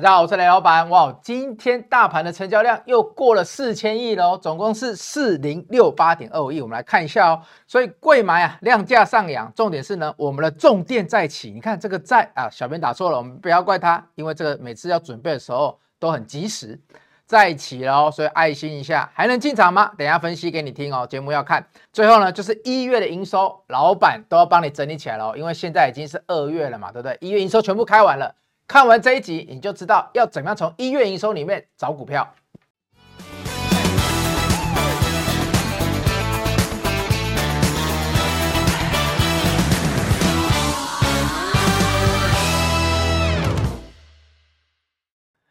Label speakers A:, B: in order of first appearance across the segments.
A: 大家好，我是雷老闆。哇，今天大盤的成交量又過了四千億了哦，總共是四零六八點二五億。我們來看一下哦。所以，櫃買啊，量價上揚，重點是呢，我們的重電再起。你看這個在啊，小編打錯了，我們不要怪他，因為這個每次要準備的時候都很及時再起了哦。所以，愛心一下，還能進場嗎？等一下分析給你聽哦。節目要看最後呢，就是一月的營收，老闆都要幫你整理起來嘍、哦。因為現在已經是二月了嘛，對不對？一月營收全部開完了。看完這一集，你就知道要怎麼樣從一月營收裡面找股票。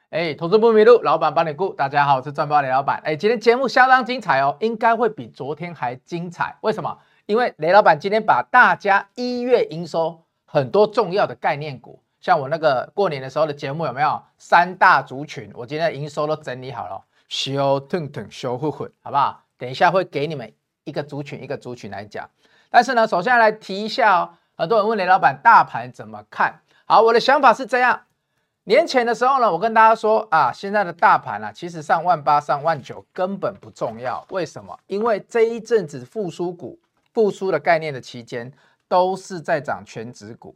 A: 哎，投資不迷路，老板幫你顧。大家好，我是賺豹雷老板。哎，今天節目相當精彩哦，應該會比昨天還精彩。為什麼？因為雷老板今天把大家一月營收很多重要的概念股。像我那個過年的時候的節目有沒有三大族群？我今天的營收都整理好了，燒騰騰，燒騰騰，好不好？等一下會給你們一個族群一個族群來講。但是呢，首先來提一下哦，很多人問雷老板大盤怎麼看？好，我的想法是這樣：年前的時候呢，我跟大家說啊，現在的大盤啊，其實上萬八、上萬九根本不重要。為什麼？因為這一陣子復甦股復甦的概念的期間，都是在漲權值股。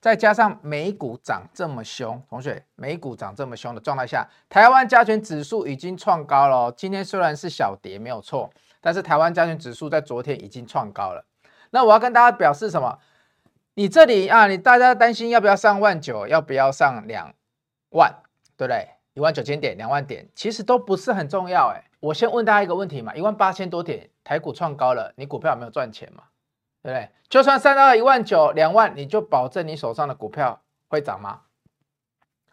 A: 再加上美股漲這麼凶，同學，美股漲這麼凶的狀態下，台灣加權指數已經創高了。今天雖然是小跌，沒有錯，但是台灣加權指數在昨天已經創高了。那我要跟大家表示什麼？你這裡啊，你大家擔心要不要上萬九，要不要上兩萬，對不對？一萬九千點、兩萬點，其實都不是很重要，欸。哎，我先問大家一個問題嘛：一萬八千多點，台股創高了，你股票有沒有賺錢嗎？對不對？就算上到一萬九兩萬，你就保證你手上的股票會漲嗎？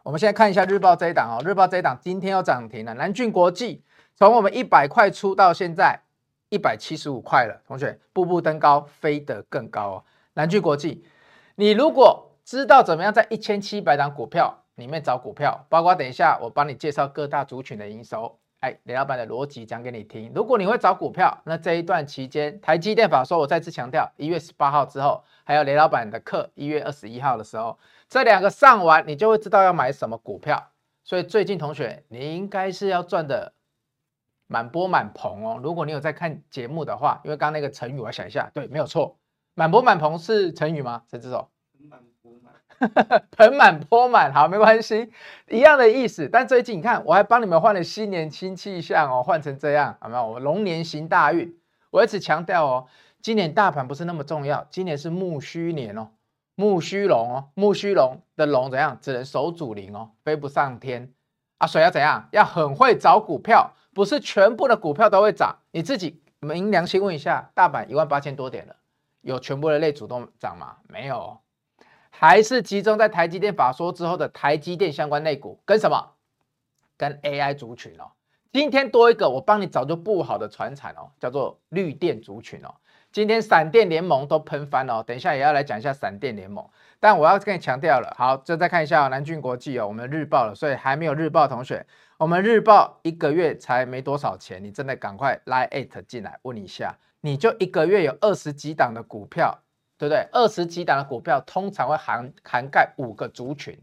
A: 我們現在看一下日報這一檔哦，日報這一檔今天要漲停了。南駿國際從我們一百塊出到現在一百七十五塊了，同學步步登高，飛得更高哦。南駿國際，你如果知道怎麼樣在一千七百檔股票裡面找股票，包括等一下我幫你介紹各大族群的營收。哎，雷老闆的邏輯講給你聽。如果你會找股票，那這一段期間，台積電法說，我再次強調，一月十八號之後，還有雷老闆的課，一月二十一號的時候，這兩個上完，你就會知道要買什麼股票。所以最近同學，你應該是要賺的滿缽滿盆哦。如果你有在看節目的話，因為剛剛那個成語，我想一下，對，沒有錯，滿缽滿盆是成語嗎？誰知道？ 盆滿缽滿，好，沒關係，一樣的意思。但最近你看，我還幫你們換了新年新氣象哦，換成這樣，好嗎？我龍年行大運，我一直強調哦，今年大盤不是那麼重要，今年是木虛年哦，木虛龍哦，木虛龍的龍怎樣，只能守主靈哦，飛不上天啊。所以要怎樣，要很會找股票，不是全部的股票都會漲。你自己捫良心問一下，大盤一萬八千多點了，有全部的類主都漲嗎？沒有、哦。還是集中在台積電法說之後的台積電相關類股，跟什麼？跟 AI 族群哦。今天多一個，我幫你找就不好的傳產哦，叫做綠電族群哦。今天閃電聯盟都噴翻了哦，等一下也要來講一下閃電聯盟。但我要跟你強調了，好，就再看一下、哦、南俊國際哦，我們日報了，所以還沒有日報同學，我們日報一個月才沒多少錢，你真的趕快 LINE@ 進來問一下，你就一個月有二十幾檔的股票。對不對？二十幾檔的股票通常會涵涵蓋五個族群，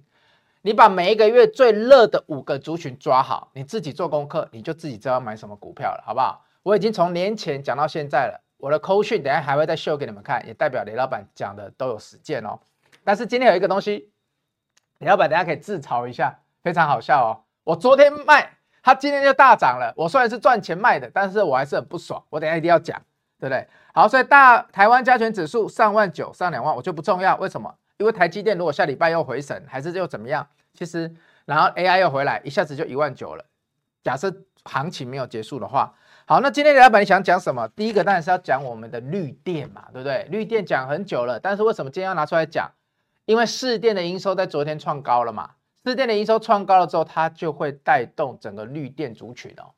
A: 你把每一個月最熱的五個族群抓好，你自己做功課，你就自己知道買什麼股票了，好不好？我已經從年前講到現在了，我的 Call 訊等一下還會再秀給你們看，也代表雷老闆講的都有實踐哦。但是今天有一個東西，雷老闆等一下可以自嘲一下，非常好笑哦。我昨天賣，它今天就大漲了。我雖然是賺錢賣的，但是我還是很不爽。我等一下一定要講。對不對？好，所以大台灣加權指數上萬九，上兩萬我就不重要。為什麼？因為台積電如果下禮拜又回神，還是又怎麼樣？其實，然後 AI 又回來，一下子就一萬九了。假設行情沒有結束的話，好，那今天雷老板你想講什麼？第一個當然是要講我們的綠電嘛，對不對？綠電講很久了，但是為什麼今天要拿出來講？因為士電的營收在昨天創高了嘛。士電的營收創高了之後，它就會帶動整個綠電族群哦。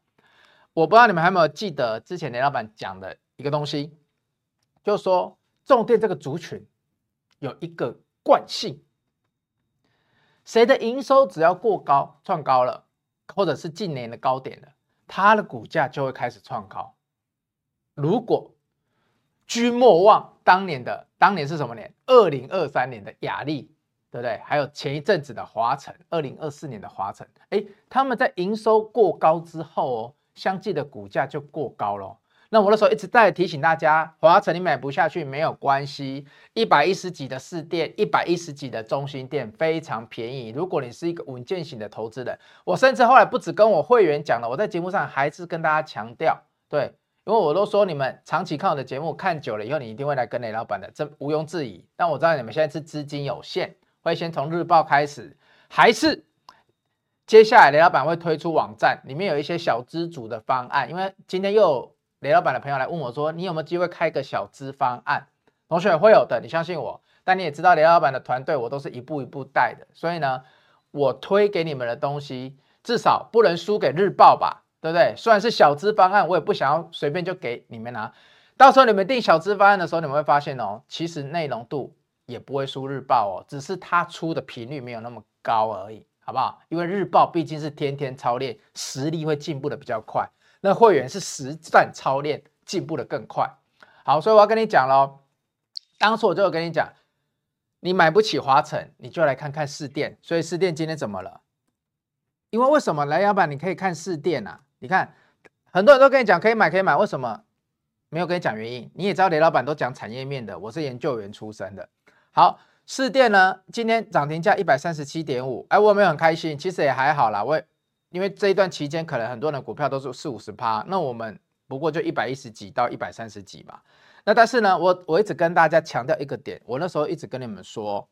A: 我不知道你們還有沒有記得之前雷老板講的。一個東西，就是說，重點這個族群有一個慣性，誰的營收只要過高創高了，或者是近年的高點了，他的股價就會開始創高。如果君莫忘當年的當年是什麼年？二零二三年的亞力對不對？還有前一陣子的華城，二零二四年的華城，哎，他們在營收過高之後哦，相繼的股價就過高了。那我那時候一直在提醒大家，華城你買不下去沒有關係，一百一十幾的士電，一百一十幾的中興電非常便宜。如果你是一個穩健型的投資人，我甚至後來不止跟我會員講了，我在節目上還是跟大家強調，對，因為我都說你們長期看我的節目看久了以後，你一定會來跟雷老板的，這毋庸置疑。但我知道你們現在是資金有限，會先從日報開始，還是接下來雷老板會推出網站，裡面有一些小資組的方案，因為今天又。雷老闆的朋友來問我說：“你有沒有機會開個小資方案？”同學會有的，你相信我。但你也知道雷老闆的團隊，我都是一步一步帶的，所以呢，我推給你們的東西，至少不能輸給日報吧，對不對？雖然是小資方案，我也不想要隨便就給你們拿、啊。到時候你們訂小資方案的時候，你們會發現哦，其實內容度也不會輸日報哦，只是它出的頻率沒有那麼高而已，好不好？因為日報畢竟是天天操練，實力會進步得比較快。那會員是實戰操練，進步得更快。好，所以我要跟你講嘍。當初我就跟你講，你買不起華城，你就來看看士電。所以士電今天怎麼了？因為為什麼雷老闆你可以看士電啊？你看，很多人都跟你講可以買可以買，為什麼沒有跟你講原因？你也知道雷老闆都講產業面的，我是研究員出身的。好，士電呢，今天漲停價一百三十七點五，哎，我沒有很開心，其實也還好啦。我。因為這一段期間，可能很多人股票都是四五十趴，那我們不過就一百一十幾到一百三十幾嘛。那但是呢，我我一直跟大家強調一個點，我那時候一直跟你們說，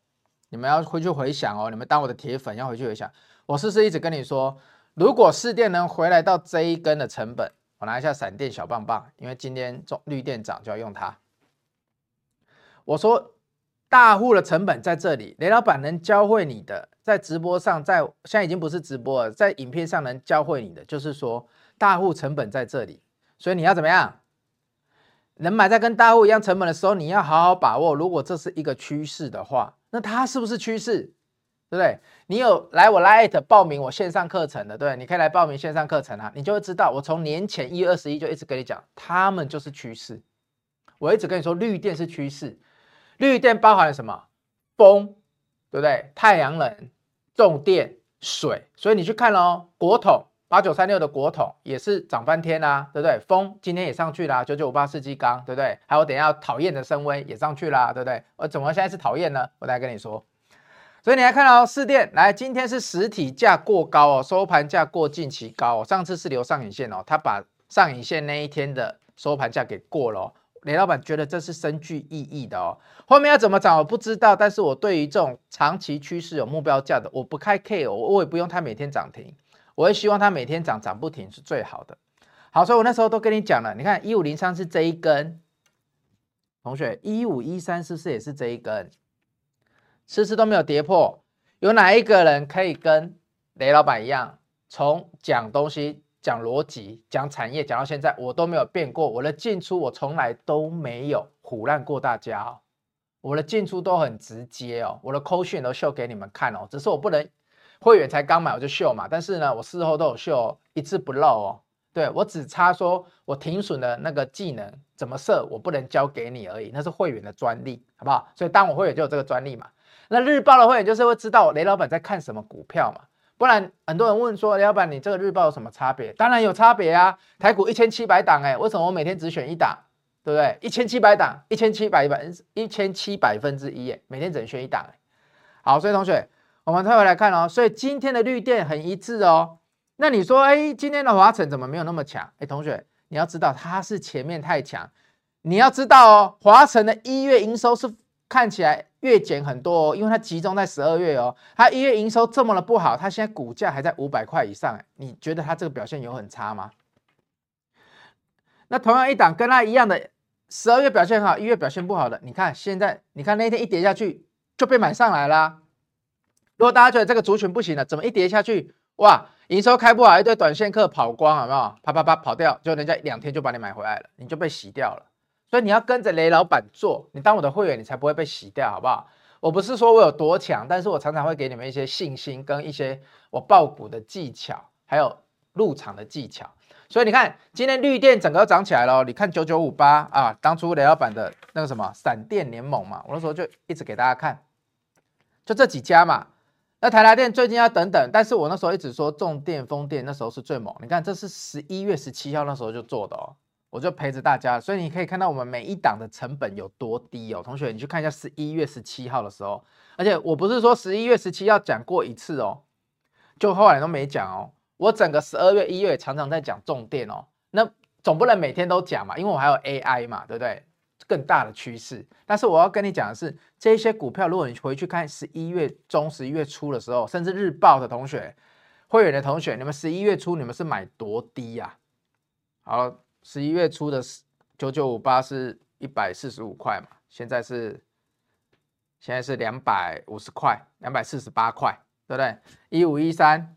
A: 你們要回去回想哦，你們當我的鐵粉要回去回想，我是不是一直跟你說，如果市電能回來到這一根的成本，我拿一下閃電小棒棒，因為今天做綠電漲就要用它。我說。大戶的成本在這裡，雷老闆能教會你的，在直播上，在現在已經不是直播了，在影片上能教會你的，就是說大戶成本在這裡，所以你要怎麼樣？能買在跟大戶一樣成本的時候，你要好好把握。如果這是一個趨勢的話，那它是不是趨勢？對不對？你有來我 LINE@ 報名我線上課程的，對，你可以來報名線上課程啊，你就會知道，我從年前一月二十一就一直跟你講，他們就是趨勢，我一直跟你說綠電是趨勢。綠電包含了什麼？風，對不對？太陽能、重電、水。所以你去看哦，國統八九三六的國統也是漲翻天啦、啊，對不對？風今天也上去啦、啊，九九五八世紀鋼，對不對？還有等下討厭的升溫也上去啦、啊，對不對？呃，怎麼現在是討厭呢？我來跟你說。所以你來看哦，四電來，今天是實體價過高哦，收盤價過近期高、哦。上次是留上影線哦，他把上影線那一天的收盤價給過了、哦。雷老闆覺得這是深具意義的哦，後面要怎麼漲我不知道，但是我對於這種長期趨勢有目標價的，我不開 K 我我也不用它每天漲停，我也希望它每天漲漲不停是最好的。好，所以我那時候都跟你講了，你看一五零三是這一根，同學，一五一三是不是也是這一根？遲遲都沒有跌破，有哪一個人可以跟雷老闆一樣，從講東西？講邏輯，講產業，講到現在，我都沒有變過。我的進出，我從來都沒有唬爛過大家哦。我的進出都很直接哦，我的口訊都秀給你們看哦。只是我不能，會員才剛買我就秀嘛。但是呢，我事後都有秀，一字不漏哦。對，我只差說我停損的那個技能怎麼設，我不能教給你而已，那是會員的專利，好不好？所以當我會員就有這個專利嘛。那日報的會員就是會知道雷老板在看什麼股票嘛。不然很多人問說，不然你這個日報有什麼差別？當然有差別啊，台股一千七百檔、欸，哎，為什麼我每天只選一檔，對不對？一千七百檔，一千七百一百，一千七百分之一、欸，哎，每天只能選一檔、欸，好，所以同學，我們退回來看哦，所以今天的綠電很一致哦，那你說，哎，今天的華城怎麼沒有那麼強？哎，同學，你要知道它是前面太強，你要知道哦，華城的一月營收是看起來。月減很多哦，因為它集中在十二月哦。它一月營收這麼的不好，它現在股價還在五百塊以上，欸，你覺得它這個表現有很差嗎？那同樣一檔跟它一樣的，十二月表現好，一月表現不好的，你看現在，你看那一天一跌下去就被買上來了。如果大家覺得這個族群不行了，怎麼一跌下去，哇，營收開不好，一堆短線客跑光，好不好？啪啪啪跑掉，就人家兩天就把你買回來了，你就被洗掉了。所以你要跟着雷老闆做，你當我的會員，你才不會被洗掉，好不好？我不是說我有多強，但是我常常會給你們一些信心，跟一些我抱股的技巧，還有入場的技巧。所以你看，今天綠電整個都漲起來了哦，你看九九五八啊，當初雷老闆的那個什麼閃電聯盟嘛，我那時候就一直給大家看，就這幾家嘛。那台達電最近要等等，但是我那時候一直說，重電、風電那時候是最猛。你看，這是十一月十七號那時候就做的哦。我就陪着大家，所以你可以看到我們每一檔的成本有多低哦。同學，你去看一下十一月十七號的時候，而且我不是說十一月十七號講過一次哦，就後來都沒講哦。我整個十二月、一月常常在講重電哦。那總不能每天都講嘛，因為我還有 AI 嘛，對不對？更大的趨勢。但是我要跟你講的是，這些股票，如果你回去看十一月中、十一月初的時候，甚至日報的同學、會員的同學，你們十一月初你們是買多低呀、啊？好。十一月初的九九五八是一百四十五塊嘛，現在是現在是兩百五十塊，兩百四十八塊，對不對？一五一三，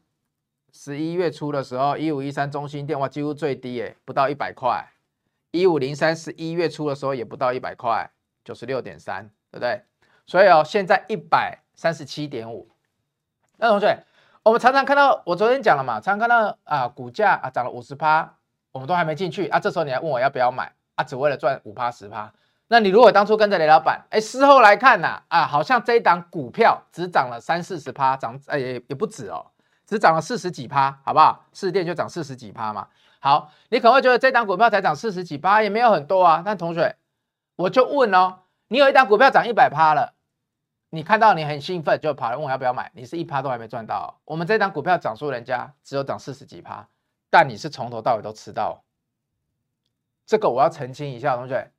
A: 十一月初的時候一五一三中興電工幾乎最低哎，不到一百塊，一五零三，十一月初的時候也不到一百塊，九十六點三，對不對？所以哦，現在一百三十七點五。那同學，我們常常看到，我昨天講了嘛，常常看到啊股價啊漲了五十趴。我們都還沒進去啊，這時候你還問我要不要買啊？只為了賺五趴十趴？那你如果當初跟着雷老板，哎，事後來看呢、啊，啊，好像這一檔股票只漲了三四十趴，漲呃也也不止哦，只漲了四十幾趴，好不好？士電就漲四十幾趴嘛。好，你可能會覺得這檔股票才漲四十幾趴，也沒有很多啊。但同學，我就問哦，你有一檔股票漲一百趴了，你看到你很興奮，就跑來問我要不要買？你是一趴都還沒賺到、哦，我們這檔股票漲輸人家，只有漲四十幾趴。但你是從頭到尾都吃到，這個我要澄清一下，同學，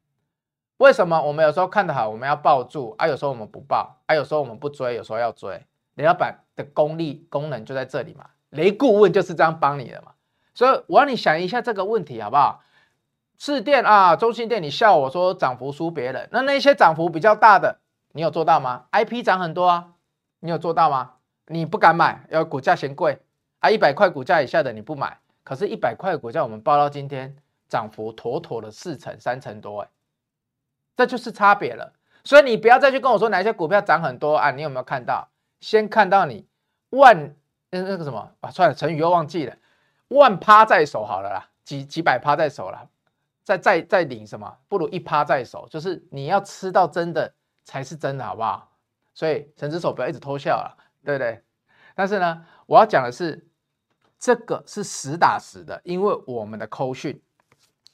A: 為什麼我們有時候看得好，我們要抱住啊？有時候我們不抱啊？有時候我們不追，有時候要追。雷老板的功力功能就在這裡嘛？雷顧問就是這樣幫你的嘛？所以，我要你想一下這個問題，好不好？士電啊，中興電，你笑我說漲幅輸別人，那那些漲幅比較大的，你有做到嗎？IP 漲很多啊，你有做到嗎？你不敢買，要股價嫌貴啊？一百塊股價以下的你不買。可是，一百塊股票我們抱到今天漲幅妥妥的四成、三成多，哎，這就是差別了。所以你不要再去跟我說哪些股票漲很多啊！你有沒有看到？先看到你萬……欸、那個什麼……啊，算了，成語又忘記了。萬趴在手好了啦，幾幾百趴在手了，再再再領什麼？不如一趴在手，就是你要吃到真的才是真的，好不好？所以成只手不要一直偷笑了，對不對？但是呢，我要講的是。這個是實打實的，因為我們的扣訊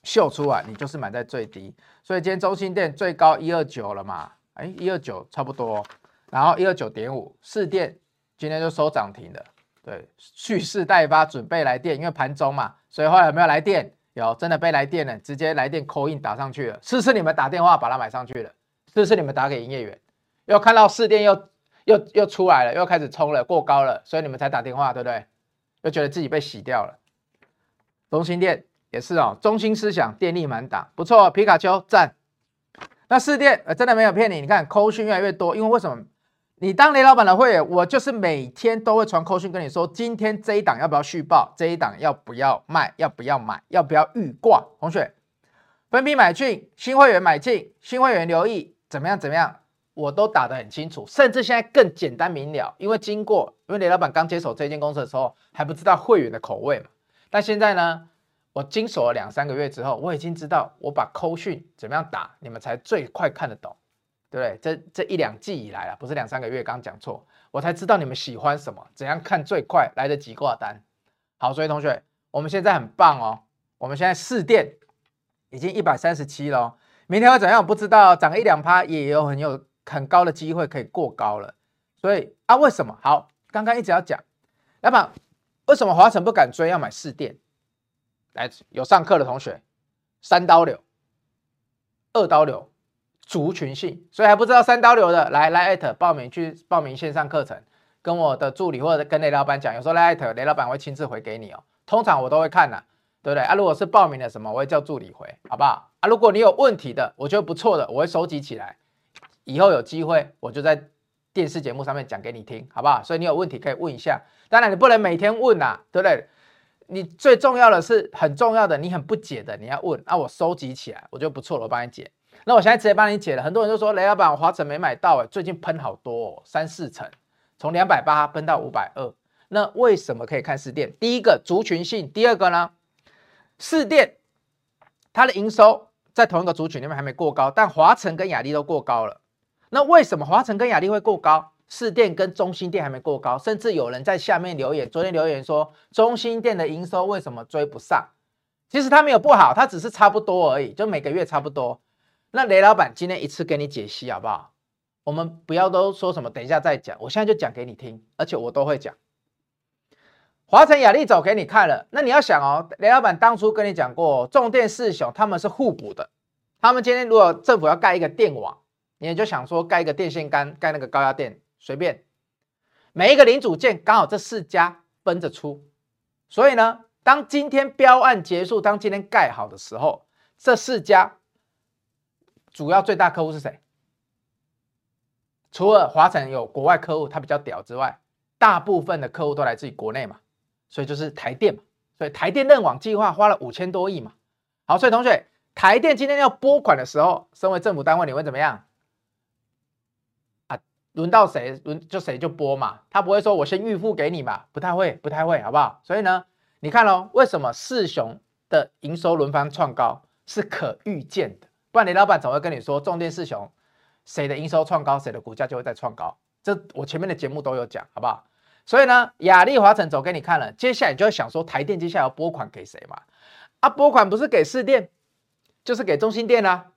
A: 秀出來，你就是買在最低。所以今天中心電最高一二九了嘛？哎，一二九差不多，然後一二九點五，四電今天就收漲停了。對，蓄勢待發，準備來電，因為盤中嘛，所以後來有沒有來電？有，真的被來電了，直接來電扣印打上去了。是是你們打電話把它買上去了，是是你們打給營業員，又看到四電又又又出來了，又開始沖了，過高了，所以你們才打電話，對不對？又覺得自己被洗掉了，中心電也是哦，中心思想電力滿檔，不錯啊，皮卡丘贊。那四電真的沒有騙你，你看扣訊越來越多，因為為什麼？你當雷老闆的會員，我就是每天都會傳扣訊跟你說，今天這一檔要不要續抱，這一檔要不要賣，要不要買，要不要預掛？同學分批買進，新會員買進，新會員留意怎麼樣怎麼樣。我都打得很清楚，甚至現在更簡單明了，因為經過，因為雷老板剛接手這間公司的時候還不知道會員的口味嘛，但現在呢，我經手了兩三個月之後，我已經知道我把扣訊怎麼樣打，你們才最快看得懂，對不對？這這一兩季以來啊，不是兩三個月，剛講錯，我才知道你們喜歡什麼，怎樣看最快來得及掛單。好，所以同學，我們現在很棒哦，我們現在試店已經一百三十七了哦，明天要怎樣我不知道，漲一兩趴也有很有。很高的機會可以過高了，所以啊，為什麼好？剛剛一直要講，來吧，為什麼華城不敢追，要買士電？來，有上課的同學，三刀流、二刀流、族群性，所以還不知道三刀流的，來來艾特報名去報名線上課程，跟我的助理或者跟雷老板講，有時候艾特雷老板會親自回給你哦，通常我都會看啦、啊，對不對？啊，如果是報名的什麼，我會叫助理回，好不好？啊，如果你有問題的，我覺得不錯的，我會收集起來。以後有機會我就在電視節目上面講給你聽，好不好？所以你有問題可以問一下。當然你不能每天問吶、啊，對不對？你最重要的是很重要的，你很不解的，你要問。那、啊、我收集起來，我覺得不錯了，我幫你解。那我現在直接幫你解了。很多人就說雷老闆，我華城沒買到、欸，最近噴好多、哦，三四成，從兩百八噴到五百二。那為什麼可以看士電？第一個族群性，第二個呢？士電它的營收在同一個族群裡面還沒過高，但華城跟亞力都過高了。那為什麼華城跟亞力會過高？士電跟中興電還沒過高，甚至有人在下面留言，昨天留言說中興電的營收為什麼追不上？其實它沒有不好，它只是差不多而已，就每個月差不多。那雷老闆今天一次給你解析好不好？我們不要都說什麼，等一下再講，我現在就講給你聽，而且我都會講。華城亞力走給你看了，那你要想哦，雷老闆當初跟你講過，重電四雄他們是互補的，他們今天如果政府要蓋一個電網。你也就想說蓋一個電線桿，蓋那個高壓電隨便，每一個零組件剛好這四家分着出，所以呢，當今天標案結束，當今天蓋好的時候，這四家主要最大客戶是誰？除了華城有國外客戶，他比較屌之外，大部分的客戶都來自於國內嘛，所以就是台電嘛，所以台電認網計劃花了五千多億嘛，好，所以同學，台電今天要撥款的時候，身為政府單位，你會怎麼樣？輪到誰輪就誰就播嘛，他不會說我先預付給你嘛，不太會不太會，好不好？所以呢，你看哦，為什麼四雄的營收輪番創高是可預見的？不然你老板怎麼會跟你說重電四雄誰的營收創高，誰的股價就會再創高？這我前面的節目都有講，好不好？所以呢，亞力華城走給你看了，接下來你就會想說台電接下來要撥款給誰嘛？啊，撥款不是給士電，就是給中興電啦、啊。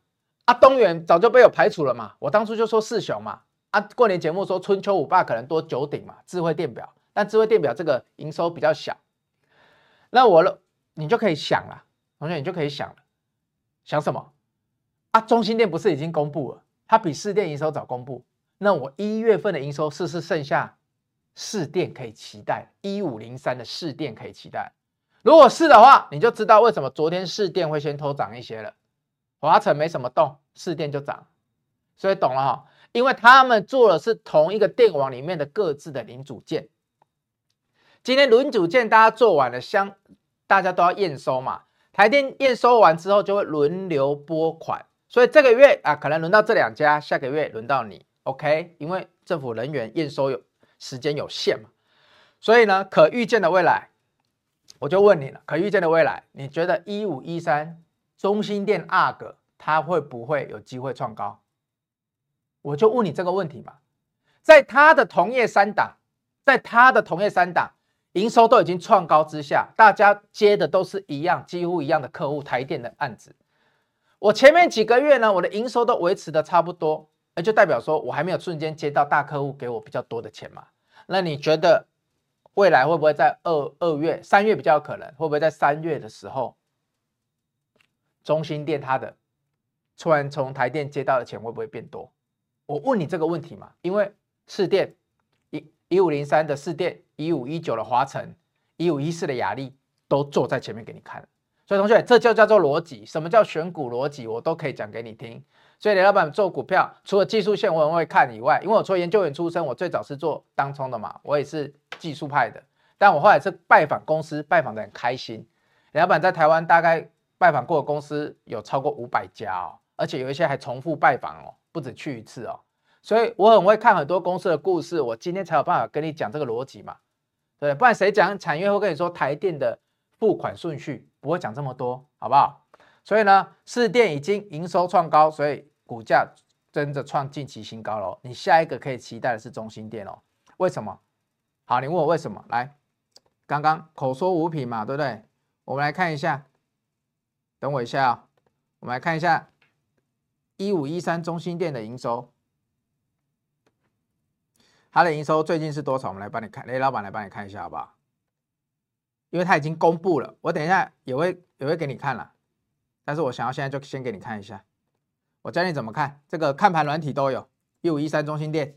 A: 啊，東元早就被我排除了嘛，我當初就說四雄嘛。啊，過年節目說春秋五霸可能多九鼎嘛，智慧電表，但智慧電表這個營收比較小，那我了你就可以想了、啊，同學你就可以想了，想什麼？啊，中興電不是已經公布了？它比士電營收早公布，那我一月份的營收是是剩下士電可以期待，一五零三的士電可以期待，如果是的話，你就知道為什麼昨天士電會先偷漲一些了，華城沒什麼動，士電就漲，所以懂了哈、哦。因為他們做的是同一個電網裡面的各自的零組件，今天輪組件大家做完了，相大家都要驗收嘛。台電驗收完之後就會輪流撥款，所以這個月啊，可能輪到這兩家，下個月輪到你，OK？因為政府人員驗收有時間有限嘛，所以呢，可預見的未來，我就問你了，可預見的未來，你覺得一五一三中興電阿哥他會不會有機會創高？我就問你這個問題嘛，在他的同業三檔，在他的同業三檔營收都已經創高之下，大家接的都是一樣幾乎一樣的客戶台電的案子。我前面幾個月呢，我的營收都維持的差不多，那就代表說我還沒有瞬間接到大客戶給我比較多的錢嘛。那你覺得未來會不會在二二月、三月比較有可能？會不會在三月的時候，中興電他的突然從台電接到的錢會不會變多？我問你這個問題嘛，因為士電一一五零三的士電一五一九的華城一五一四的亞力都坐在前面給你看，所以同學這就叫做邏輯。什麼叫選股邏輯，我都可以講給你聽。所以李老板做股票，除了技術線我也會看以外，因為我從研究員出身，我最早是做當沖的嘛，我也是技術派的。但我後來是拜訪公司，拜訪得很開心。李老板在台灣大概拜訪過的公司有超過五百家哦。而且有一些還重複拜訪哦，不止去一次哦，所以我很會看很多公司的故事，我今天才有辦法跟你講這個邏輯嘛，對，不然誰講產業會跟你說台電的付款順序，不會講這麼多，好不好？所以呢，士電已經營收創高，所以股價跟着創近期新高了，你下一個可以期待的是中興電嘍。哦，為什麼？好，你問我為什麼？來，剛剛口說無憑嘛，對不對？我們來看一下，等我一下啊，哦，我們來看一下。一五一三中興電的營收，它的營收最近是多少？我們來幫你看，雷老闆來幫你看一下，好不好？因為它已經公布了，我等一下也會也會給你看了，但是我想要現在就先給你看一下，我教你怎麼看，這個看盤軟體都有。一五一三中興電，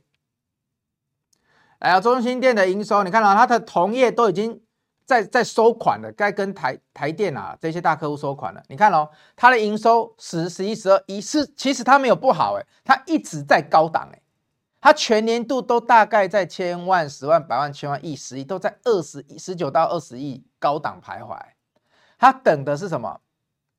A: 然後中興電的營收，你看到，啊、它的同業都已經。在在收款的，該跟台台電啊這些大客戶收款了。你看哦，它的營收十、十一、十二，一是其實它沒有不好哎，它一直在高檔哎，它全年度都大概在千萬、十萬、百萬、千萬、億、十億都在二十億、十九到二十億高檔徘徊。它等的是什麼？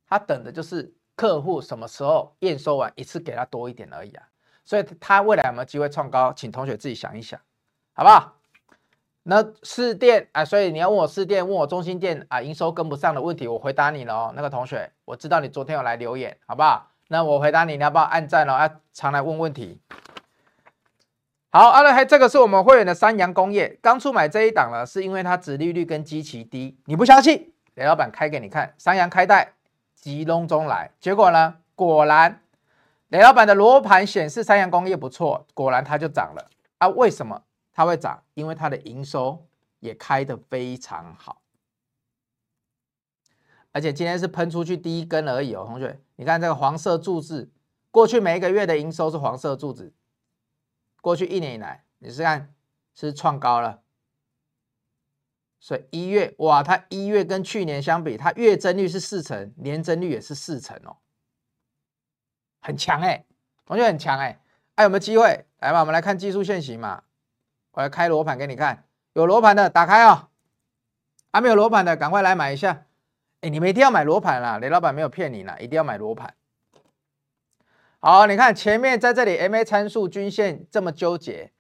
A: 它等的就是客戶什麼時候驗收完一次給他多一點而已啊。所以他未來有沒有機會創高，請同學自己想一想，好不好？那士電啊，所以你要問我士電，問我中興電啊，營收跟不上的問題，我回答你了哦。那個同學，我知道你昨天有來留言，好不好？那我回答你，你要不要按讚了、哦、啊？常來問問題。好，阿、啊、樂嘿，這個是我們會員的三陽工業剛出買這一檔了，是因為它殖利率跟基期低，你不相信？雷老闆開給你看，三陽開泰急中中來，結果呢？果然雷老闆的羅盤顯示三陽工業不錯，果然它就漲了啊？為什麼？它會漲，因為它的營收也開得非常好，而且今天是噴出去第一根而已，哦，同學。你看這個黃色柱子，過去每一個月的營收是黃色柱子，過去一年以來，你試試看是看是創高了，所以一月哇，它一月跟去年相比，它月增率是四成，年增率也是四成哦，很強哎，同學很強哎，還，啊、有沒有機會？來吧，我們來看技術線型嘛。我要開羅盤給你看，有羅盤的打開、哦、啊，還沒有羅盤的，趕快來買一下。哎，你們一定要買羅盤啦，雷老板沒有騙你呢，一定要買羅盤。好，你看前面在這裡 MA 參數均線這麼糾結，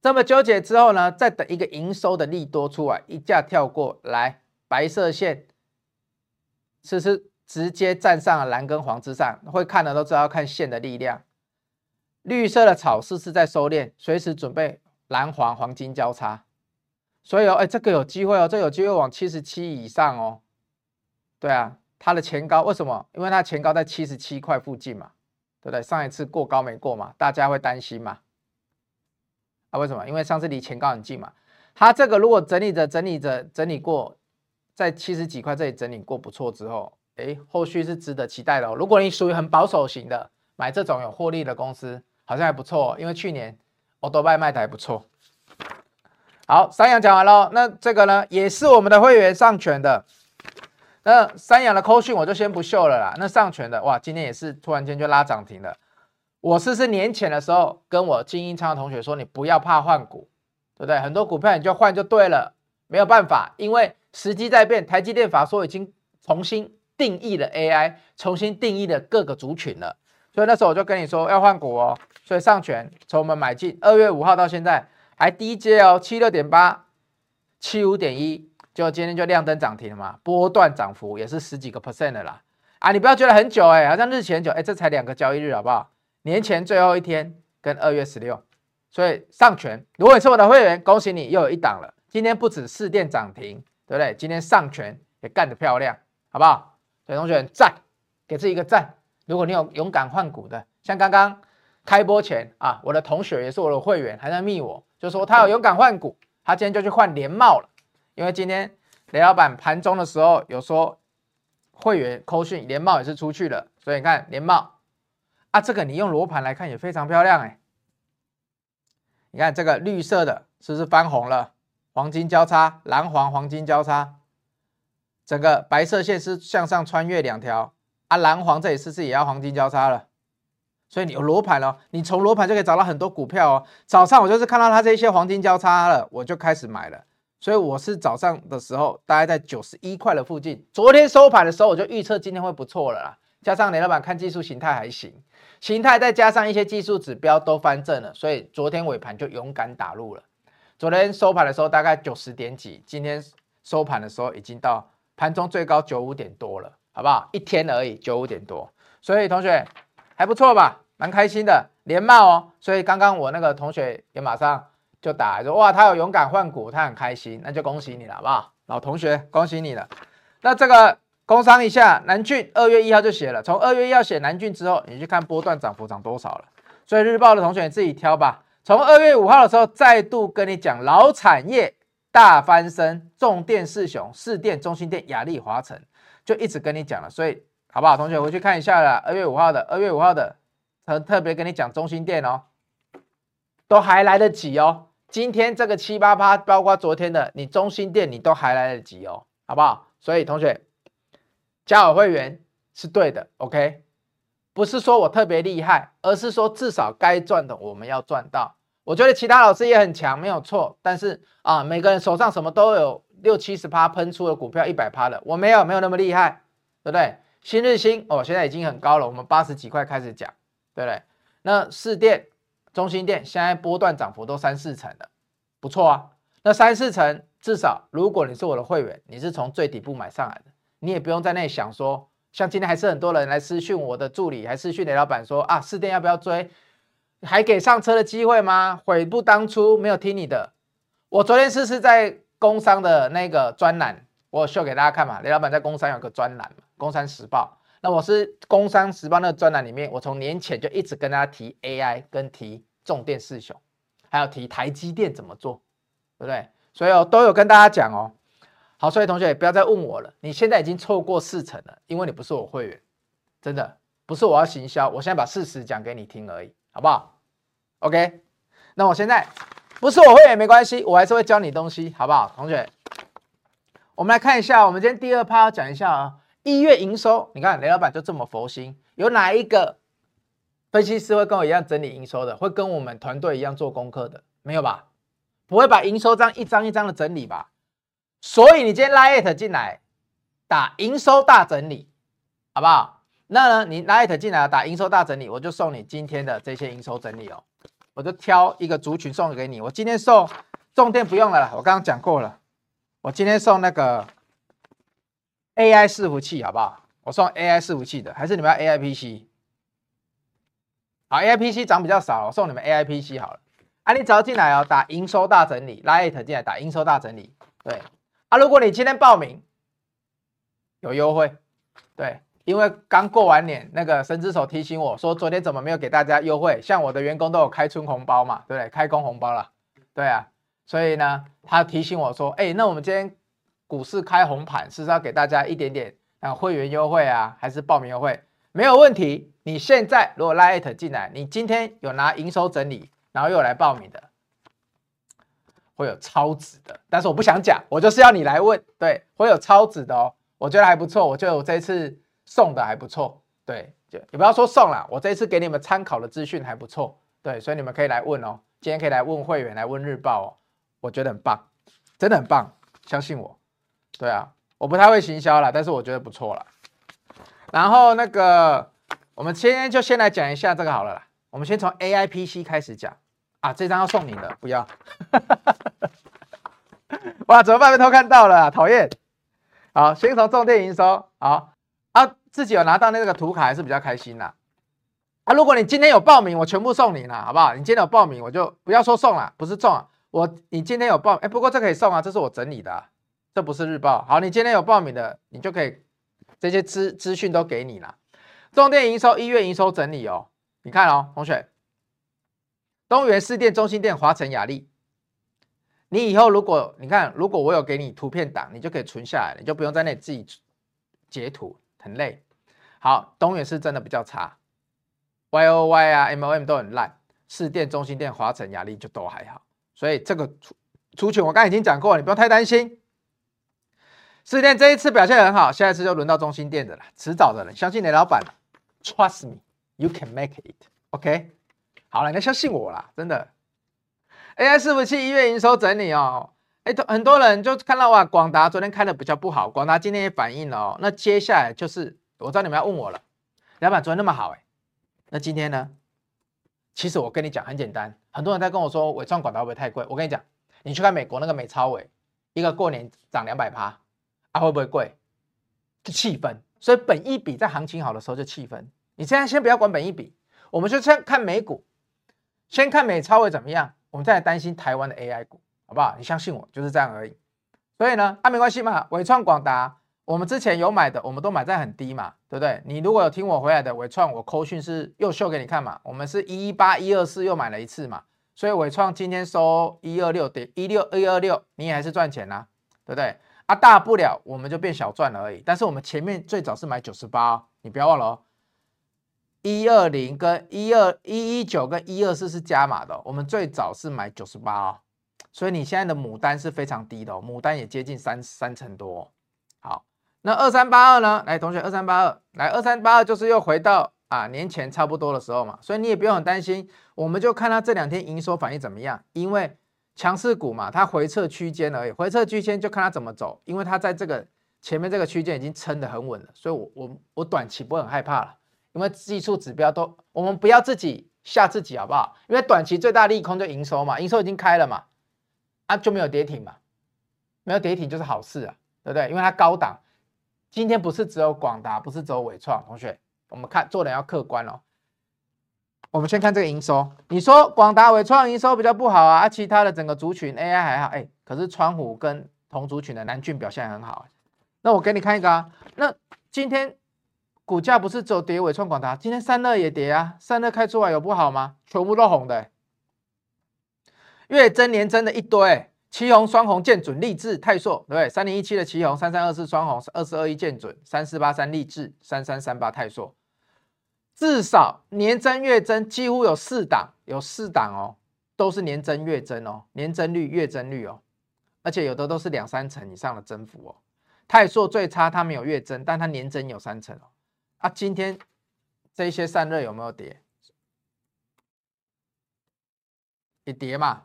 A: 這麼糾結之後呢，再等一個營收的利多出來，一架跳過來，白色線，是不是直接站上了藍跟黃之上，會看的都知道要看線的力量。綠色的草勢是在收斂，隨時準備藍黃黃金交叉，所以哦，哎，這個有機會哦，這個、有機會往七十七以上哦。對啊，它的前高為什麼？因為它的前高在七十七塊附近嘛，對不對？上一次過高沒過嘛，大家會擔心嘛？啊，為什麼？因為上次離前高很近嘛。它這個如果整理着整理着整理過，在七十幾塊這裡整理過不錯之後，哎，後續是值得期待的哦。如果你屬於很保守型的，買這種有獲利的公司。好像還不錯哦，因為去年歐兜拜賣的還不錯。好，三陽講完咯，那這個呢，也是我們的會員上權的。那三陽的扣訊我就先不秀了啦。那上權的哇，今天也是突然間就拉漲停了。我是是年前的時候，跟我精英倉的同學說，你不要怕換股，對不對？很多股票你就換就對了，沒有辦法，因為時機在變。台積電法說已經重新定義了 AI，重新定義了各個族群了。所以那時候我就跟你說要換股哦、喔，所以上權從我們買進二月五號到現在還低接哦，七六點八，七五點一，就今天就亮燈漲停了嘛，波段漲幅也是十幾個 percent 的啦，啊你不要覺得很久哎、欸，好像日前很久哎、欸，這才兩個交易日好不好？年前最後一天跟二月十六，所以上權，如果你是我的會員，恭喜你又有一檔了，今天不止士電漲停，對不對？今天上權也幹得漂亮，好不好？所以同學讚，給自己一個讚。如果你有勇敢換股的，像剛剛開播前啊，我的同學也是我的會員，還在密我，就說他有勇敢換股，他今天就去換連帽了，因為今天雷老板盤中的時候有說會員扣訊連帽也是出去了，所以你看連帽。啊，這個你用羅盤來看也非常漂亮哎、欸，你看這個綠色的是不是翻紅了？黃金交叉，藍黃黃金交叉，整個白色線是向上穿越兩條，啊、藍黃這裡是不是也要黃金交叉了？所以你有羅盤哦，你從羅盤就可以找到很多股票哦。早上我就是看到它這一些黃金交叉了，我就開始買了。所以我是早上的時候大概在九十一塊的附近。昨天收盤的時候我就預測今天會不錯了啦，加上雷老板看技術形態還行，形態再加上一些技術指標都翻正了，所以昨天尾盤就勇敢打入了。昨天收盤的時候大概九十點幾，今天收盤的時候已經到盤中最高九五點多了。好不好？一天而已，九點多，所以同學還不錯吧，蠻開心的，連帽哦。所以剛剛我那個同學也馬上就打說，哇，他有勇敢換股，他很開心，那就恭喜你了，好不好？老同學，恭喜你了。那這個工商一下，南俊二月一號就寫了，從二月一號寫南俊之後，你去看波段漲幅漲多少了。所以日報的同學你自己挑吧。從二月五號的時候，再度跟你講老產業大翻身，重電四雄，士電、中興電、亞力、華城。就一直跟你講了，所以好不好？同學回去看一下了，二月五號的，二月五號的，特特別跟你講中興電哦，都還來得及哦。今天這個七八趴，包括昨天的，你中興電你都還來得及哦，好不好？所以同學加我會員是對的，OK？不是說我特別厲害，而是說至少該賺的我們要賺到。我覺得其他老師也很強，沒有錯。但是啊，每個人手上什麼都有。六七十趴噴出的股票，一百趴的。我沒有，沒有那麼厲害，對不對？新日新哦，現在已經很高了，我們八十幾塊開始講，對不對？那士電中興電，現在波段漲幅都三四成了，不錯啊。那三四成，至少如果你是我的會員，你是從最底部買上來的，你也不用在那裡想說，像今天還是很多人來私訊我的助理，還是私訊雷老板說啊，士電要不要追？還給上車的機會嗎？悔不當初，沒有聽你的。我昨天試試在。工商的那個專欄，我有秀給大家看嘛。雷老板在工商有個專欄嘛，工《工商時報》。那我是《工商時報》那個專欄裡面，我從年前就一直跟大家提 AI，跟提重電四雄，還有提台積電怎麼做，對不對？所以我都有跟大家講哦。好，所以同學也不要再問我了，你現在已經錯過四成了，因為你不是我會員，真的不是我要行銷，我現在把事實講給你聽而已，好不好？OK，那我現在。不是我會也沒關係，我還是會教你東西，好不好，同學？我們來看一下，我們今天第二趴要講一下啊，一月營收，你看雷老闆就這麼佛心，有哪一個分析師會跟我一樣整理營收的，會跟我們團隊一樣做功課的，沒有吧？不會把營收這樣一張一張的整理吧？所以你今天拉艾特進來打營收大整理，好不好？那呢，你拉艾特進來打營收大整理，我就送你今天的這些營收整理哦。我就挑一個族群，送給你。我今天送重電，不用了，我剛剛講過了。我今天送那個 AI 伺服器好不好？我送 AI 伺服器的，還是你們要 AI PC？好，AI PC 漲比較少，我送你們 AI PC 好了。啊，你只要進來哦，打營收大整理，拉 it 進來打營收大整理。對，啊，如果你今天報名有優惠，對。因為剛過完年，那個神之手提醒我說，昨天怎麼沒有給大家優惠？像我的員工都有開春紅包嘛，對不對？開工紅包了，對啊。所以呢，他提醒我說，哎，那我們今天股市開紅盤，是不是要給大家一點點啊會員優惠啊，還是報名優惠？沒有問題。你現在如果拉艾特進來，你今天有拿營收整理，然後又來報名的，會有超值的。但是我不想講，我就是要你來問。對，會有超值的哦。我覺得還不錯，我覺得我這次。送的還不錯，對，就你不要說送了，我這一次給你們參考的資訊還不錯，對，所以你們可以來問哦，今天可以來問會員，來問日報哦，我覺得很棒，真的很棒，相信我，對啊，我不太會行銷了，但是我覺得不錯了。然後那個，我們今天就先來講一下這個好了啦，我們先從 A I P C 開始講啊，這張要送你的，不要， 哇，怎麼辦被偷看到了、啊，討厭。好，先從重點營收，好。啊，自己有拿到那個圖卡還是比較開心的、啊。啊，如果你今天有報名，我全部送你了，好不好？你今天有報名，我就不要說送了，不是送，我你今天有報，哎、欸，不過這可以送啊，這是我整理的、啊，這不是日報。好，你今天有報名的，你就可以這些資資訊都給你了。重電營收、一月營收整理哦，你看哦，同學，東元、士電、中興電、華城、亞力，你以後如果你看，如果我有給你圖片檔，你就可以存下來，你就不用在那裡自己截圖。很累，好，東元是真的比較差，Y O Y 啊，M O M 都很爛，士電、中興電、華城、亞力就都還好，所以這個出出群我剛剛已經講過，你不要太擔心。士電這一次表現很好，下一次就輪到中興電的了，遲早的，相信你的老板，Trust me，you can make it，OK？Okay? 好了，你要相信我啦，真的。AI 伺服器一月營收整理哦，欸、很多人就看到哇，廣達昨天開的比較不好，廣達今天也反應了、哦。那接下來就是，我知道你們要問我了，老闆昨天那麼好、欸，那今天呢？其實我跟你講很簡單，很多人在跟我說，緯創廣達會不會太貴？我跟你講，你去看美國那個美超微，一個過年漲兩百趴，啊，會不會貴？就氣氛。所以本益比在行情好的時候就氣氛。你現在先不要管本益比，我們就先看美股，先看美超微怎麼樣，我們再來擔心台灣的 AI 股。好不好？你相信我，就是這樣而已。所以呢，啊，沒關係嘛。緯創廣達，我們之前有買的，我們都買在很低嘛，對不對？你如果有聽我回來的緯創，緯創我扣訊是又秀給你看嘛。我們是一一八一二四又買了一次嘛。所以緯創今天收一二六點一六一二六，你也還是賺錢啦、啊，對不對？啊，大不了我們就變小賺了而已。但是我們前面最早是買九十八哦，你不要忘了哦。一二零跟一二一一九跟一二四是加碼的，我們最早是買九十八哦。所以你現在的牡丹是非常低的哦，牡丹也接近三三成多哦。好，那二三八二呢？來，同學，二三八二，來二三八二就是又回到啊年前差不多的時候嘛。所以你也不用很擔心，我們就看它這兩天營收反應怎麼樣。因為強勢股嘛，它回撤區間而已，回撤區間就看它怎麼走。因為它在這個前面這個區間已經撐得很穩了，所以我，我我我短期不會很害怕了。因為技術指標都，我們不要自己嚇自己好不好？因為短期最大利空就營收嘛，營收已經開了嘛。啊，就沒有跌停嘛，沒有跌停就是好事啊，對不對？因為它高檔，今天不是只有廣達，不是只有緯創，同學，我們看做人要客觀哦。我們先看這個營收，你說廣達、緯創營收比較不好啊？啊，其他的整個族群 AI 還好，哎，可是川湖跟同族群的南俊表現很好，欸，那我給你看一個啊，那今天股價不是只有跌，緯創、廣達，今天散熱也跌啊，散熱開出來有不好嗎？全部都紅的，欸。月增年增的一堆，奇鋐雙鴻建準，力致泰碩，對不對？三零一七的奇鋐，三三二四雙鴻二四二一建準，三四八三力致，三三三八泰碩，至少年增月增幾乎有四檔，有四檔哦，都是年增月增哦，年增率月增率哦，而且有的都是兩三成以上的增幅哦。泰碩最差，它沒有月增，但它年增有三成哦。啊，今天這一些散熱有沒有跌？也跌嘛。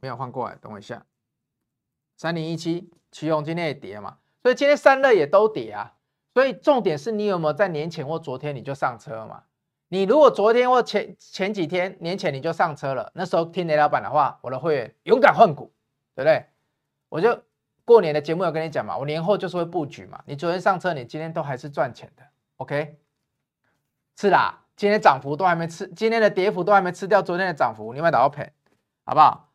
A: 沒有換過來，等我一下。三零一七，奇鋐今天也跌嘛，所以今天散熱也都跌啊。所以重點是你有沒有在年前或昨天你就上車嘛？你如果昨天或前前幾天年前你就上車了，那時候聽雷老板的話，我的會員勇敢換股，對不對？我就過年的節目有跟你講嘛，我年後就是會布局嘛。你昨天上車，你今天都還是賺錢的，OK？是啦，今天漲幅都還沒吃，今天的跌幅都還沒吃掉昨天的漲幅，另外打個平，好不好？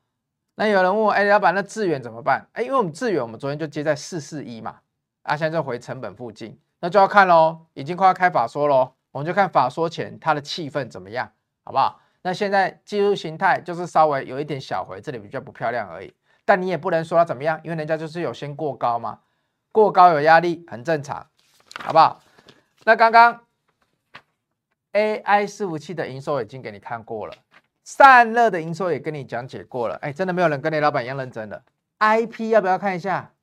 A: 那有人問我，哎、欸，老闆，那致遠怎麼辦？哎、欸，因為我們致遠，我們昨天就接在四四一嘛，啊，現在就回成本附近，那就要看嘍，已經快要開法說嘍，我們就看法說前它的氣氛怎麼樣，好不好？那現在技術形態就是稍微有一點小回，這裡比較不漂亮而已，但你也不能說它怎麼樣，因為人家就是有先過高嘛，過高有壓力，很正常，好不好？那剛剛 AI 伺服器的營收已經給你看過了。散熱的營收也跟你講解過了，哎、欸，真的沒有人跟雷老闆一樣認真的。IP 要不要看一下？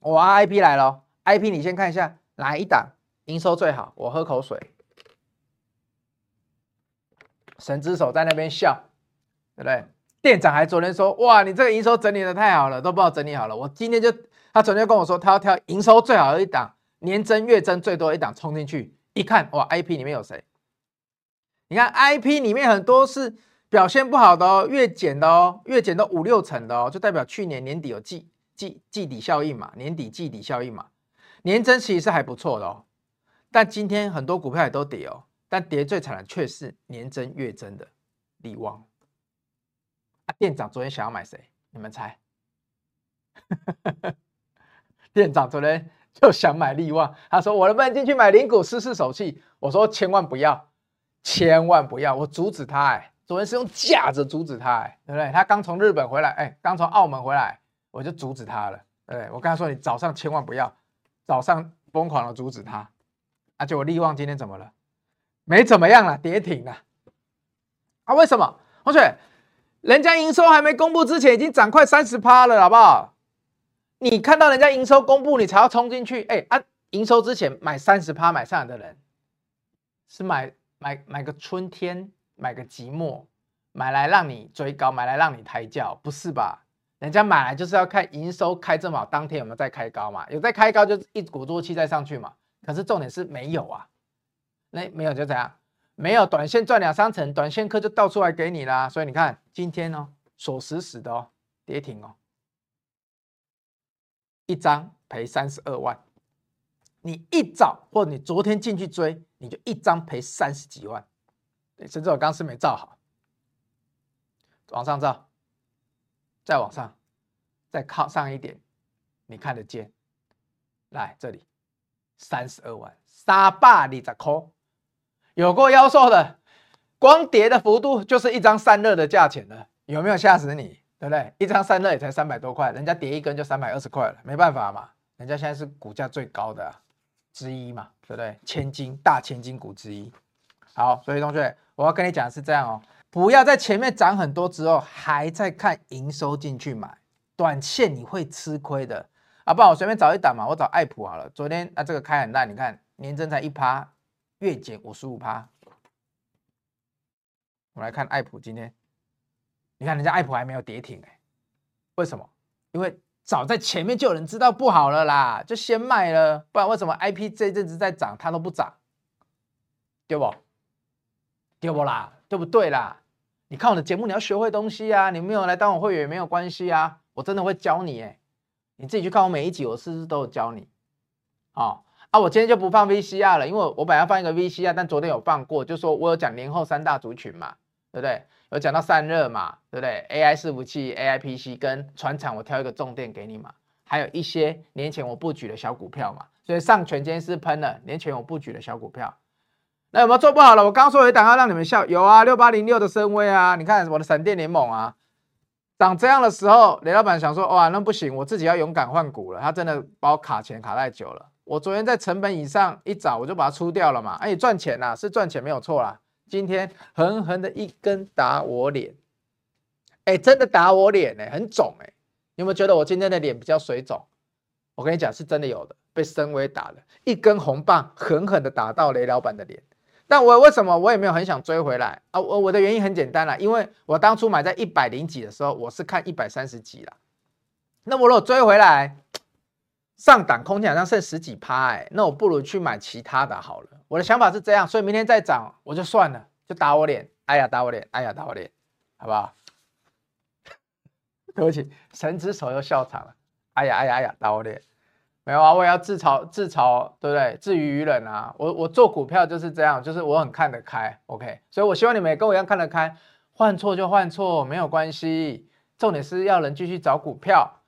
A: 我 IP 來了，IP 你先看一下，哪一檔營收最好，我喝口水。神之手在那邊笑，對不對？店長還昨天說，哇，你這個營收整理的太好了，都幫我整理好了。我今天就，他昨天就跟我說，他要挑營收最好的一檔，年增月增最多一檔衝進去。一看，哇，IP 裡面有誰？你看，IP 裡面很多是表現不好的哦，月減的哦，月減到五六成的哦，就代表去年年底有季季季底效應嘛，年底季底效應嘛，年增其實是還不錯的哦。但今天很多股票也都跌哦，但跌最慘的卻是年增月增的力旺。啊，店長昨天想要買誰？你們猜？ 店長昨天就想買力旺，他說我能不能進去買零股試試手氣？我說千萬不要。千萬不要，我阻止他哎、欸，昨天是用架子阻止他哎、欸，對不對？他剛從日本回來，哎，剛從澳門回來，我就阻止他了，對不對？我剛才說，你早上千萬不要，早上瘋狂的阻止他，而，啊、且我力旺今天怎麼了？沒怎麼樣了，跌停了，啊？為什麼？同學，人家營收還沒公布之前已經漲快三十趴了，好不好？你看到人家營收公布，你才要衝進去，哎，啊？營收之前買三十趴買上來的人，是買。買買個春天，買個寂寞，買來讓你追高，買來讓你抬轎，不是吧？人家買來就是要看營收開這麼好，當天有沒有再開高嘛？有再開高就一鼓作氣再上去嘛。可是重點是沒有啊，那沒有就這樣，沒有短線賺兩三成，短線客就倒出來給你啦、啊。所以你看今天哦，鎖死死的哦，跌停哦，一張賠三十二萬。你一照，或者你昨天進去追，你就一張賠三十幾萬。對，甚至我剛是沒照好，往上照，再往上，再靠上一點，你看得見。來這裡，三十二萬，沙霸你在扣有過妖瘦的，光疊的幅度就是一張散熱的價錢了，有沒有嚇死你？對不對？一張散熱也才三百多塊，人家疊一根就三百二十塊了，沒辦法嘛，人家現在是股價最高的、啊。之一嘛，對不對？千金大千金股之一。好，所以同學，我要跟你講的是這樣哦，不要在前面漲很多之後，還在看營收進去買，短線你會吃虧的。啊，不然我隨便找一檔嘛，我找愛普好了。昨天啊，這個開很大，你看年增才一趴，月減五十五趴。我來看愛普今天，你看人家愛普還沒有跌停，欸，為什麼？因為。早在前面就有人知道不好了啦，就先賣了，不然為什麼 IP 這陣子在漲它都不漲？對不？對不啦？對不對啦？你看我的節目，你要學會東西啊！你沒有來當我會員也沒有關係啊！我真的會教你，哎，你自己去看我每一集，我是不是都有教你，哦？啊啊！我今天就不放 VCR 了，因為我我本來要放一個 VCR，但昨天有放過，就說我有講年後三大族群嘛，對不對？有講到散熱嘛，對不對？AI 伺服器、AI PC 跟船廠，我挑一個重點給你嘛。還有一些年前我佈局的小股票嘛，所以上全天是噴了。年前我佈局的小股票，那有沒有做不好了？我剛說有一檔要讓你們笑，有啊，六八零六的森崴啊，你看我的閃電聯盟啊，漲這樣的時候，雷老闆想說哇，那不行，我自己要勇敢換股了。他真的把我卡錢卡太久了，我昨天在成本以上一早我就把它出掉了嘛，哎，賺錢啦、啊，是賺錢沒有錯啦。今天狠狠的一根打我臉，哎、欸，真的打我臉呢、欸，很腫哎、欸。你有沒有覺得我今天的臉比較水腫？我跟你講，是真的有的，被森崴打了一根紅棒，狠狠的打到雷老板的臉。但我為什麼我也沒有很想追回來啊？我我，的原因很簡單了，因為我當初買在一百零幾的時候，我是看一百三十幾了。那我如果追回來，上檔空間好像剩十幾趴、欸、那我不如去買其他的好了。我的想法是這樣，所以明天再漲我就算了，就打我臉，哎呀打我臉，哎呀打我臉，好不好？ 對不起，神之手又笑場了，哎呀哎呀哎呀打我臉，沒有啊，我也要自嘲自嘲，對不對？自娛娛人啊，我我做股票就是這樣，就是我很看得開，OK。所以我希望你們也跟我一樣看得開，換錯就換錯，沒有關係，重點是要能繼續找股票。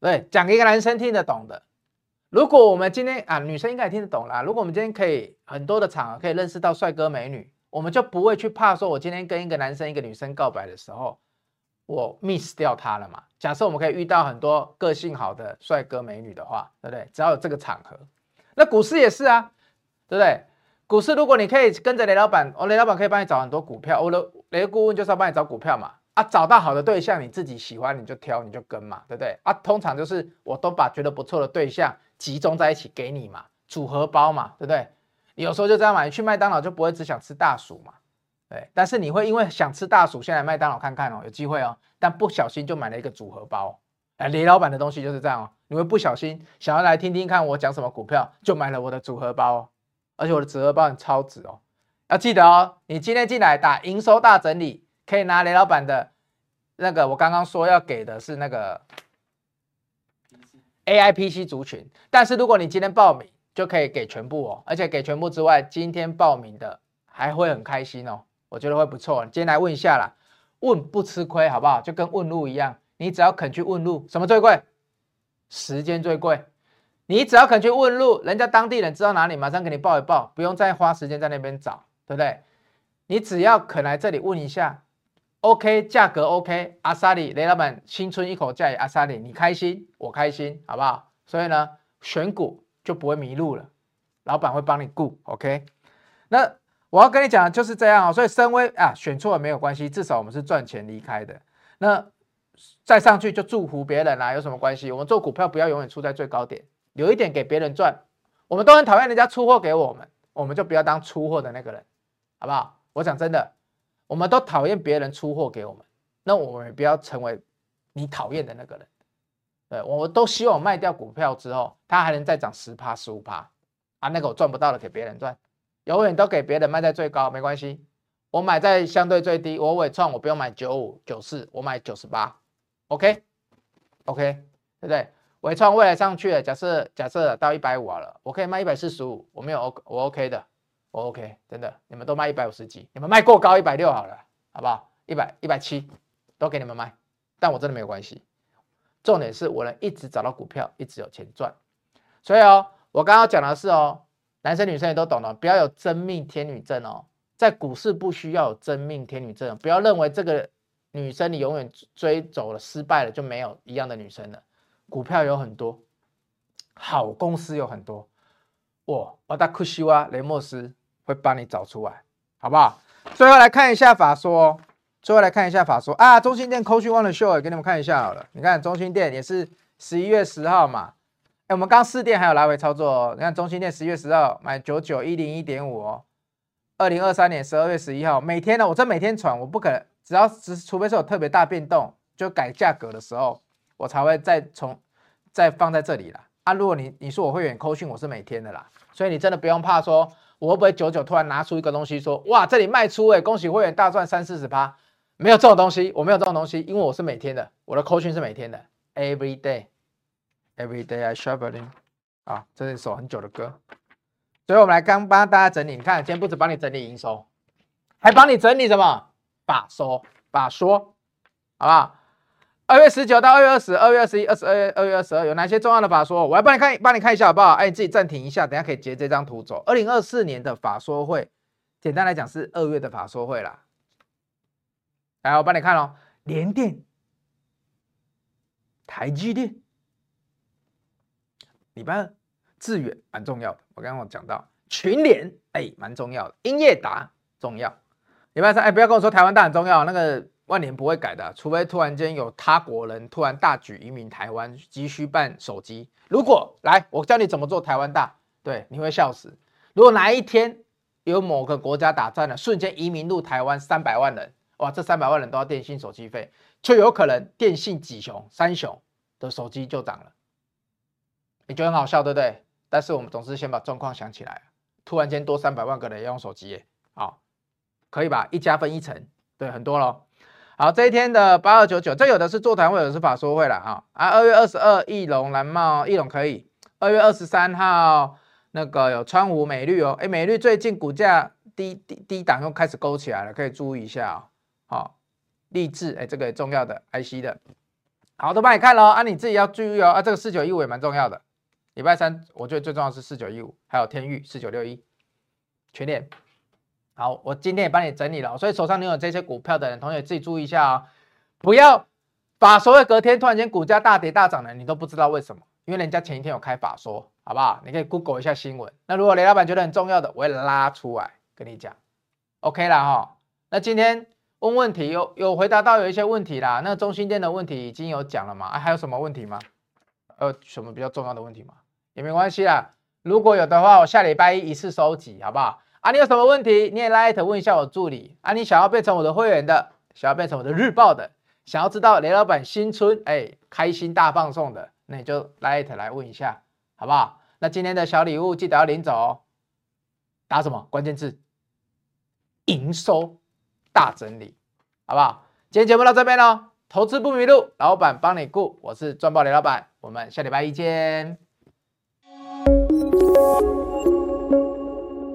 A: 對，講一個男生聽得懂的。如果我們今天啊，女生應該也聽得懂啦。如果我們今天可以很多的場合可以認識到帥哥美女，我們就不會去怕說，我今天跟一個男生一個女生告白的時候，我 miss 掉他了嘛？假設我們可以遇到很多個性好的帥哥美女的話，對不對？只要有這個場合，那股市也是啊，對不對？股市如果你可以跟着雷老板，哦，雷老板可以幫你找很多股票，我、哦、的雷顧問就是要幫你找股票嘛。啊，找到好的對象，你自己喜歡你就挑你就跟嘛，對不對？啊，通常就是我都把覺得不錯的對象。集中在一起給你嘛，組合包嘛，對不對？有時候就這樣嘛，你去麥當勞就不會只想吃大薯嘛，對。但是你會因為想吃大薯，先來麥當勞看看哦，有機會哦。但不小心就買了一個組合包。哎，呃，雷老板的東西就是這樣哦，你會不小心想要來聽聽看我講什麼股票，就買了我的組合包哦，而且我的組合包很超值哦。要記得哦，你今天進來打營收大整理，可以拿雷老板的那個，我剛剛說要給的是那個。AIPC 族群，但是如果你今天報名，就可以給全部哦，而且給全部之外，今天報名的還會很開心哦，我覺得會不錯。你今天來問一下啦，問不吃虧好不好？就跟問路一樣，你只要肯去問路，什麼最貴？時間最貴。你只要肯去問路，人家當地人知道哪裡，馬上給你報一報，不用再花時間在那邊找，對不對？你只要肯來這裡問一下。OK，價格 OK，阿薩里雷老闆新春一口價也阿薩里，你開心我開心，好不好？所以呢，選股就不會迷路了，老闆會幫你顧。OK，那我要跟你講的就是這樣哦。所以森崴啊，選錯了沒有關係，至少我們是賺錢離開的。那再上去就祝福別人啦、啊，有什麼關係？我們做股票不要永遠處在最高點，留一點給別人賺。我們都很討厭人家出貨給我們，我們就不要當出貨的那個人，好不好？我講真的。我們都討厭別人出貨給我們，那我們也不要成為你討厭的那個人。對，我都希望我賣掉股票之後，它還能再漲十趴、十五趴啊。那個我賺不到了，給別人賺，永遠都給別人賣在最高，沒關係。我買在相對最低，我緯創我不用買九五九四，我買九十八。OK，OK，、OK? OK？對不對？緯創未來上去了，假設假設到一百五了，我可以賣一百四十五，我沒有 O，、OK，我 OK 的。我 OK，真的，你們都賣一百五十幾，你們賣過高一百六好了，好不好？一百一百七都給你們賣，但我真的沒有關係。重點是我能一直找到股票，一直有錢賺。所以哦，我剛剛講的是哦，男生女生也都懂了，不要有真命天女症哦，在股市不需要有真命天女症，不要認為這個女生你永遠追走了，失敗了，就沒有一樣的女生了。股票有很多，好公司有很多，我，阿達庫西哇雷莫斯。會幫你找出來，好不好？最後來看一下法說，最後來看一下法說啊，中心店扣訊忘了 Show，給你們看一下好了。你看中心店也是十一月十號嘛，哎，欸，我們剛四店還有來回操作哦。你看中心店十一月十號買九九一零一點五哦，二零二三年十二月十一號，每天呢，我這每天傳，我不可能，只要只除非是有特別大變動，就改價格的時候，我才會再從再放在這裡啦。啊，如果你你說我會遠扣訊，我是每天的啦，所以你真的不用怕說。我會不會久久突然拿出一個東西說，哇，這裡賣出，哎，恭喜會員大賺三四十趴？沒有這種東西，我沒有這種東西，因為我是每天的，我的 coaching 是每天的，every day，every day I shufflin' 啊，這是一首很久的歌，所以我們來剛幫大家整理，你看，今天不止幫你整理營收，還幫你整理什麼？把說把說，好不好？二月十九到二月二十，二月二十一，二十二月二月二十二有哪些重要的法說？我要幫你看，幫你看一下好不好？哎，你自己暫停一下，等下可以截這張圖走。二零二四年的法說會，簡單來講是二月的法說會啦。來、哎，我幫你看嘍。聯電、台積電、禮拜二、智原，蠻重要的。我剛剛講到群聯，哎，蠻重要的。英業達重要。禮拜三，哎，不要跟我說台灣大很重要，那個。萬年不會改的，啊，除非突然間有他國人突然大舉移民台灣，急需辦手機。如果來，我教你怎麼做台灣大，對，你會笑死。如果哪一天有某個國家打仗了，瞬間移民入台灣三百萬人，哇，這三百萬人都要電信手機費，就有可能電信幾雄三雄的手機就漲了。你覺得很好笑，對不對？但是我們總是先把狀況想起來，突然間多三百萬個人要用手機耶，好，哦，可以吧？一家分一成，對，很多咯好，這一天的八二九九，這有的是座談會，有的是法說會了啊啊！二月二十二，義隆藍茂，義隆可以。二月二十三號，那個有川湖美律哦誒，美律最近股價低低低檔又開始勾起來了，可以注意一下啊、哦。好、哦，力智，哎，這個也重要的，IC 的。好都幫你看了啊，你自己要注意哦啊，這個四九一五也蠻重要的。禮拜三，我覺得最重要的是四九一五，還有天鈺四九六一，61, 全練。好，我今天也幫你整理了、哦，所以手上擁有這些股票的人，同學自己注意一下哦。不要把所有隔天突然間股價大跌大漲的，你都不知道為什麼，因為人家前一天有開法說，好不好？你可以 Google 一下新聞。那如果雷老板覺得很重要的，我會拉出來跟你講。OK 了哈、哦。那今天問問題有有回答到有一些問題啦，那個中興電的問題已經有講了嘛、啊？還有什麼問題嗎？呃，什麼比較重要的問題嗎？也沒關係啦，如果有的話，我下禮拜一一次收集，好不好？啊，你有什麼問題？你也拉問一下我助理。啊，你想要變成我的會員的，想要變成我的日報的，想要知道雷老板新春哎、欸、開心大放送的，那你就拉一頭來問一下，好不好？那今天的小禮物記得要領走、哦。打什麼關鍵字？營收大整理，好不好？今天節目到這邊嘍，投資不迷路，老板幫你顧，我是賺爆雷老板，我們下禮拜一見。嗯嗯嗯嗯嗯